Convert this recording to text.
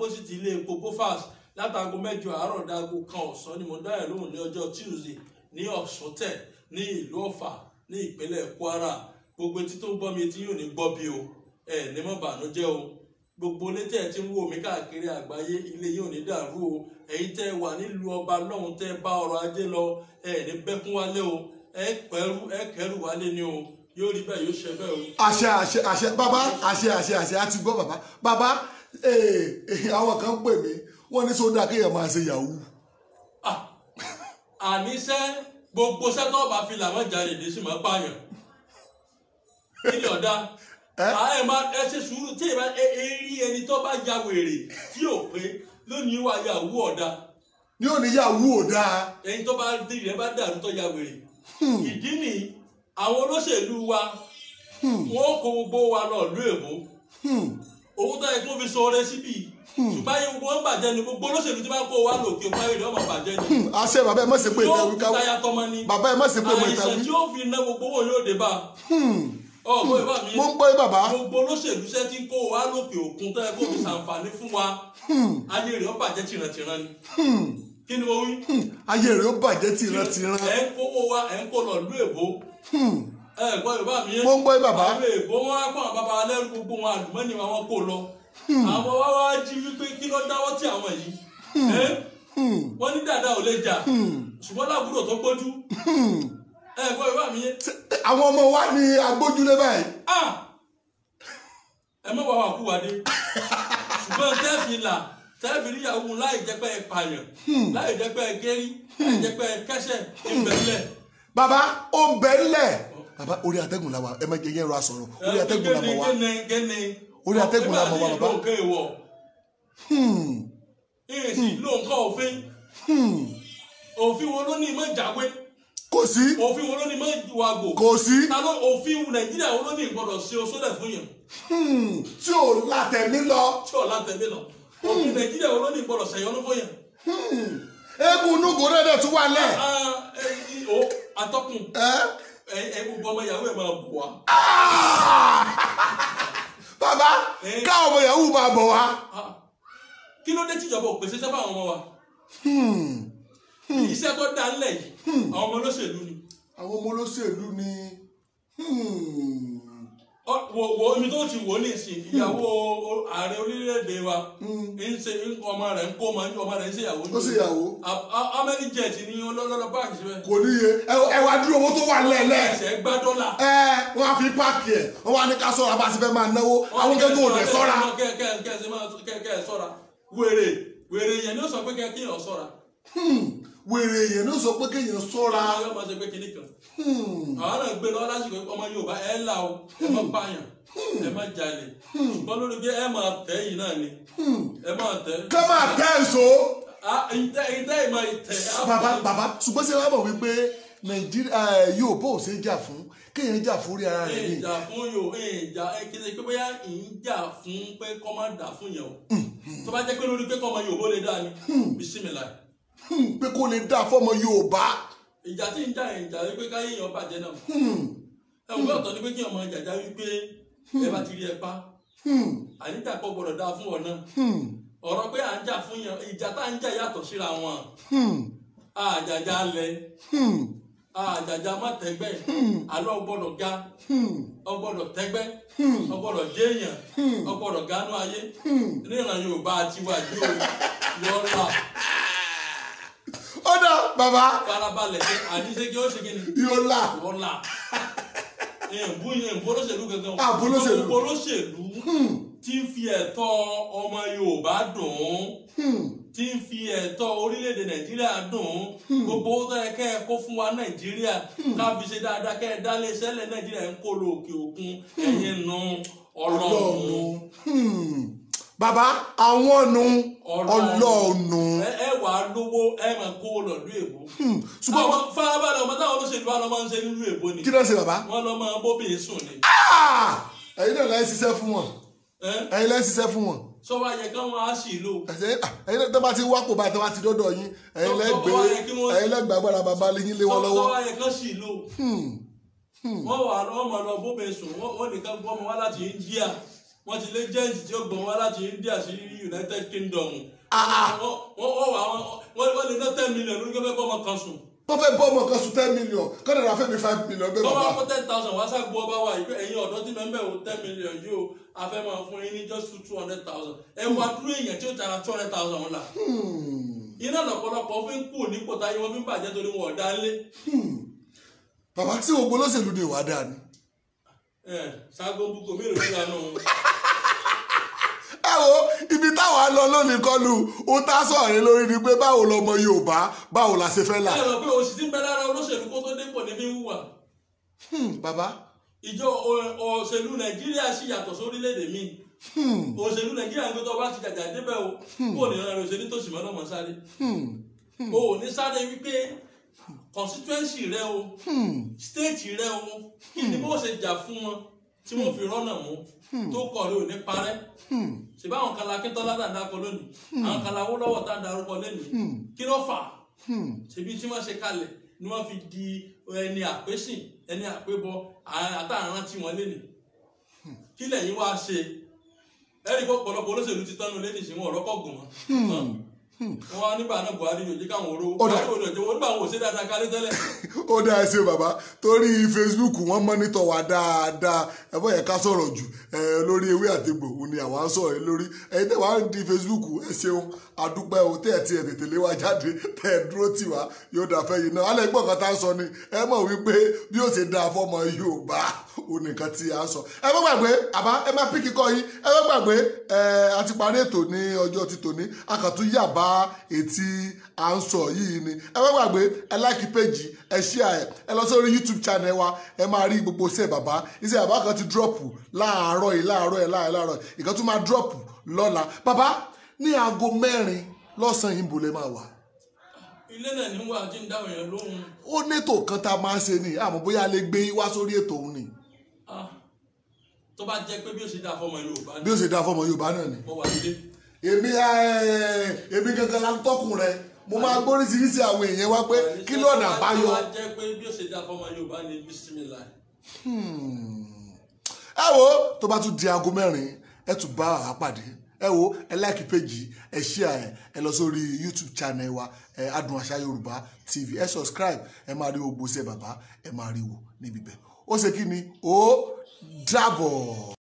opposite ilé epo gofas látago mẹ́jọ àárọ̀ dago kan ọ̀sán ni mo dá ẹ̀ lóhùn ní ọjọ́ tuesday ní ọ̀ṣọ́tẹ̀ ní ìlú ọ̀fà ní ìpínlẹ̀ kwara gbogbo etí tó ń gbọ́ mi etí yóò ní gbọ́ bí o ẹ̀ ní mọ̀ bànújẹ́ o gbogbo olétẹ̀ tí ń wò mí káàkiri àgbáyé ilé yóò ní dàrú o ẹ̀yin tẹ́ wà nílùú ọba lọ́hùn tẹ́ bá ọrọ̀ ajé lọ ẹ̀ ní bẹ́kún wálé o ẹ̀ pẹ̀rú ẹ̀ kẹrù wálé ni o yóò rí bẹ́ẹ̀ yóò ṣe bẹ́ẹ̀ o. àṣẹ àṣẹ àṣẹ bàbá àṣẹ àṣẹ àṣẹ àti gbọ́ bàbá bàbá ee eh, eh, àwọn kan pè mí wọ́n ní sódà kéèyàn máa ṣe yahoo. Ah, àníṣe gbogbo sẹ́tọ̀ ọba fi làwọn jàre èdè sì máa pààyàn kíni ọ̀dà ààrẹ eh? ah, máa ẹ ṣe sùúrù tí ìbá eré ẹni tó bá ya wèrè tí ò pé lónìí wà yahoo ọ̀dà. ní òní yahoo ọ̀dà. ẹni tó bá dìrì ẹ bá dàrú tó ya wèrè. Hmm. ìdí nìyí àwọn olóṣèlú wa hmm. wọn kó gbogbo wa lọ ìlú èbó. Hmm. yẹ kó fi sọ ọrẹ síbí hmm. ṣùgbọ́n ayé gbogbo wọn bàjẹ́ ni gbogbo olóṣèlú tí bá kó wa lòkè fún ayé ìdánwò bàjẹ́ ni. Hmm. àṣẹ bàbá ẹ má ṣe pé ìtàwí káwọ bàbá ẹ má ṣe pé ìtàwí. àìsàn tí ó fi ná gbogbo owó yóò dé bá hmm. mo ń gbọ́ bàbá. gbogbo olóṣèlú ṣe ti ń kó wa lókè òkun tó yẹ kó fi ṣàǹfààní fún wa ayé rẹ̀ ó bàjẹ́ tìrantìran ni. kí ni mo wí. ayé rẹ̀ ó bàjẹ́ tìrantìran. ẹ̀ ń kówó wa ẹ̀ ń kó lọ ìlú èbó ẹ gbọ́ yorùbá mi yé. mo ń gbọ́ bàbá. àwọn èèbó wọn á pọ̀ bàbá alẹ́rú gbogbo wọn àlùmọ́nì wọn kò lọ. Hmm. àwọn wá wá jí wípé kí ló dáwọ́ tí àwọn yìí. Hmm. Hmm. wọ́n ní dàda ò lè jà ṣùgbọ́n láàbúrò tó gbójú. ẹ gbọ́ yorùbá mi yé. àwọn ọmọ wa ni agbójúlé báyìí. ẹ mọ̀ wá kú wa ṣùgbọ́n tẹ́ẹ̀fì là tẹ́ẹ̀fì níyàwó láì jẹ́ pé ẹ pààyàn láì jẹ́ pé ẹ gẹ́rí láì jẹ́ pé ẹ kẹ́sẹ̀ ìbẹ̀lẹ̀. bàbá ó bẹ̀ ń lẹ̀ bàbá orí atẹ́gùn làwà ẹ má jẹ yẹn rọ àsọ̀rọ̀ orí atẹ́gùn làmọ̀ wá orí atẹ́gùn làmọ̀ wá bàbá. Hmm. Hmm. Hmm. òfin wo ló ní ìmọ̀ ìjàgbé kò sí òfin wo ló ní ìmọ̀ ìwàgò kò sí tàbí òfin nàìjíríà wo ló ní ìgbọ́dọ̀ ṣe oṣooṣẹ́ fún yẹn. tí ò látẹ̀mí lọ. tí ò látẹ̀mí lọ òfin nàìjíríà wo ló ní ìgbọ́dọ̀ ṣèyọ́nú fún yẹn egun nugo rẹ dẹ tún wà lẹ. Ah, ah, eh, atọ́kùn ẹ gbogbo ọmọ yahoo ẹ máa bọ̀ wá. Ah! bàbá káwọn ọmọ yahoo máa bọ̀ wá. Ah! kí ló dé tíjọba ò pèsè sábà àwọn ọmọ wa. Hmm. Hmm. iṣẹ́ tó dá ńlẹ̀ yìí hmm. àwọn ọmọ olóṣèlú ni. àwọn ọmọ olóṣèlú ni. Hmm wo wo omi tó ti wò ní ìsìn ìyàwó ààrẹ orílẹ̀-èdè wa ń ọmọ rẹ̀ ń kó ọmọ ọmọ rẹ̀ ń ṣe ìyàwó. ó ṣe ìyàwó. amẹ́rí jet ni ọlọ́lọ́ báàkì síbẹ̀. kò níye ẹ wá dúró owó tó wà lẹ́lẹ́. ẹsẹ̀ gbá dọ́là. ẹ wọ́n á fi páàkì ẹ̀ wọ́n wá ní ká sọ̀rọ̀ bá fẹ́ máa náwó àwọn kẹ́kẹ́ ò sọ́ra. kẹ́kẹ́ sọ́ra wèrè wèrè yẹn ni ó sọ pé kẹ́kẹ́ Hmm, We're èèyàn ló sọ pé kéèyàn sọ́ra. ọlọ́run máa ṣe pé kinní kan. Hmm. àwọn náà gbé lọ lásìkò ọmọ yorùbá ẹ là o ẹ má hmm. pààyàn ẹ má jalè ṣùgbọ́n lórí bí ẹ máa tẹ̀ yìí náà ni ẹ máa tẹ̀. ká máa tẹ̀ èso. ìtẹ́ ìmọ̀ ìtẹ̀. bàbá bàbá ṣùgbọ́n ṣe wá bọ̀ wípé nàìjíríà eh, yóò bó ṣe jà fún kéèyàn jà fún rí ara rẹ ni. ìjà fún yòó ìjà kìí pé bóyá ìjà fún pé kọ́ máa dà fún yẹn o tó bá jẹ́ pé lórí pé kọ́ máa yòó bó lè dá ni bisimilá. Hmm, pé kó lè dá fọmọ Yorùbá. ìjà tí ń jà ẹ̀ ń jà wípé káyé èèyàn bàjẹ́ náà hmm. ẹ̀wọ̀n bí ọ̀tọ̀ ni pé kí ọmọ jàjà wípé ẹ bá ti rí ẹ pa hmm. àníjà pọ̀ gbọ́dọ̀ dáa fún ọ náà ọ̀rọ̀ pé à ń jà fún yàn ìjà tá à ń jà yàtọ̀ síra wọn àjàjà lẹ àjàjà má tẹgbẹ́ àlọ́ ọgbọ́dọ̀ ga ọgbọ́dọ̀ tẹgbẹ́ ọgbọ́dọ̀ déèyàn ọgbọ́dọ̀ gánú ayé níran Yorùbá tiwa yóò lọ́la ó dà bàbá. farabalẹ̀ ṣe àníṣe kí ó ṣe kí ni. yóò la. yóò la. èèbù yẹn ìbolóṣèlú gangan. àbolóṣèlú. Ah, hmm. fi ẹ̀tọ́ ọmọ Yorùbá dùn ún hmm. fi ẹ̀tọ́ orílẹ̀-èdè Nàìjíríà dùn hmm. gbogbo owó tó kẹ́ ẹ kó fún wa Nàìjíríà ká fi ṣe dáadáa kẹ́ ẹ dálé iṣẹ́ Nàìjíríà ń kó lo òkè òkun ẹ̀yẹn nu Ọlọ́run. bàbá àwọn nu ọlọ́ọ̀nù. ẹ wàá lówó ẹ máa kó lọ lú èbó. Hmm, ṣùgbọ́n àwọn farabalẹ̀ ọmọ táwọn olóṣèlú wa lọ máa ń ṣe nílùú èbó ni. kí ló ń ṣe bàbá. wọn lọ máa bó bèè sùn ni. Ah! ẹ̀yin náà láì ṣiṣẹ́ fún wọn. ẹ̀yin láì ṣiṣẹ́ fún wọn. sọ́wọ́ ayẹ kí wọ́n á sì lò. Ah, ẹ̀yin náà tó bá ti wá kó bá tó bá ti dọ́dọ̀ yín ẹ̀yin lẹ́gbẹ̀ẹ́ agbára bàbá lẹ́yìn lé wọn lọ́wọ́. sọ́wọ́ ayẹ kí wọ́n sì lò. Hmm, hmm. wọ́n wà lọ́mọ lọ bó bèè sùn wọ́n nìkan gbọ́mọ wá láti India wọ́n ti lé jẹ́ǹsì tí ó gbọ̀n wá láti India sí United Kingdom. Ah, ah. wọ́n lè ná ten million lórí kí bọ́ ọmọ kan sùn. wọ́n fẹ́ bọ́ ọmọ kan sùn ten million kọ́ dàda fẹ́ five million bẹ́ẹ̀ bàbá. wọ́n bá kó ten thousand wá ságbo ọba wa yìí pé ẹ̀yin ọ̀dọ́ tí mẹ́mbẹ́ wo ten million yìí o a fẹ́ máa fún yín ní just two hundred thousand ẹ̀ wá dúró èèyàn tí ó tara two hundred thousand wọn la. Hmm. iná lọ̀pọ̀lọpọ̀ fi ń kú nípò táyé wọn fi ń bàjẹ́ torí wọn ọ̀dá ńlé. Hmm. bàbá tí ògbólóṣèlú de wà dáa ni. ẹ ṣàgbọ́n bukọ̀ mélòó ló lánàá báwo ibi táwọn lọ lónìí kọlu ohun tá a sọ̀rọ̀ yẹn lórí ni pé báwo lọmọ Yorùbá báwo la ṣe fẹ́ là. ẹ rò pé oṣù tí ń bẹ lára olóṣèlú kó tó dépò ní fi ń hmm, ìjọ òṣèlú Nàìjíríà sì yàtọ̀ sórílẹ̀-èdè mi hmm. òṣèlú Nàìjíríà ń gbé bá ti jàjà débẹ̀ o hmm. kò ní rẹ̀ òṣèlú tó sì mọ́ mọ́ sáré o ò ní sáré wípé constituency rẹ o state rẹ o kí ni bó ṣe jà fún wọn tí mo fi rọ́nà mú hmm. tó kọ̀ lóò ní parẹ́ hmm. ṣèbá àwọn kala akíntọ́lá tá à ń dakọ lónìí hmm. àwọn kala awólọ́wọ̀ tá à ń darúkọ lónìí kí ló fà ṣèbí tí wọ́n ṣe kalẹ̀ ni wọ́n fi di ẹni àpésìn ẹni àpébọ àtàrán tí wọ́n lénìí kí lẹ́yìn wá ṣe ẹ̀rí pọ̀ pọ̀lọpọ̀ olóṣèlú ti tánú lénìí sí wọn ọ̀rọ̀ kọ̀ gùn wọn. Hmm. wọn á nígbà náà buhari yóò jẹ káwọn oró buhari yóò jẹ wọn nígbà wọn ò ṣe dáadáa kálé tẹ́lẹ̀. ó dá ẹ ṣe bàbá torí facebook wọn mọ́nítọ̀ wá dáadáa ẹ bọ́ yẹ ká sọ̀rọ̀ jù lórí ewé àtẹ̀gbò òun ni àwọn sọ̀rọ̀ lórí ẹ̀yin tẹ́ wàá di facebook ẹ ṣeun àdúpẹ́ o tẹ́ ẹ ti ẹ̀ tètè lé wa jáde tẹ́ ẹ dúró tì wá yóò dà fẹ́ yìí náà alẹ́ gbọ́ kan tá a sọ ni ẹ mọ̀ wípé bí ó ṣe dáa fọmọ yorùbá òun nìkan tí a sọ ẹ má gbàgbé àbá ẹ má píkì kọ́ yìí ẹ má gbàgbé ẹ àti parí ètò ní ọjọ́ ti tòní akàtúnyàbá etí à ń sọ yìí ni ẹ má gbàgbé ẹ láìkí péjì ẹ share ẹ ẹ lọ sórí youtube channel wa ẹ máa rí gbogbo iṣẹ́ bàbá iṣẹ́ bàbá kan ti dírọ́pù láàárọ̀ yìí láàárọ̀ yìí láàárọ̀ yìí ìkan tún máa dírọ́pù lọ́la bàbá ní aago mẹ́rin lọ́sàn-án yìí ń bolẹ̀ máa wà ilé náà ní wà jí ń dáhùn yẹn lóhun. ó nètò kan tá a máa ń ṣe ni àmọ́ bóyá lè gbé wá sórí ètò òun ni. Ah, tó bá jẹ́ pé bí ó ṣe dá fọmọ Yorùbá náà. bí ó ṣe dá fọmọ Yorùbá náà ni. mo wà nílé èmi eh, èmi gangan la ń tọkùn rẹ mo máa gbóríṣiríṣi àwọn èèyàn wá pé kí lọ́nà àbáyọ. jẹ́ pé bí ó ṣe dá fọmọ Yorùbá ni bísímìlà. Hmm. ẹ wo tó bá tún di aago mẹ́rin ẹ tún bá àwa pàdé ẹ wo ẹ láìkí péjì ẹ share ẹ lọ sórí YouTube channel wa ẹ Adùn Àṣà Yorùbá TV ẹ subscribe ẹ máa rí gbogbo ṣe bàbá ẹ máa rí wò níbi bẹ́ẹ̀ ó ṣe kí ni ó dàbọ̀.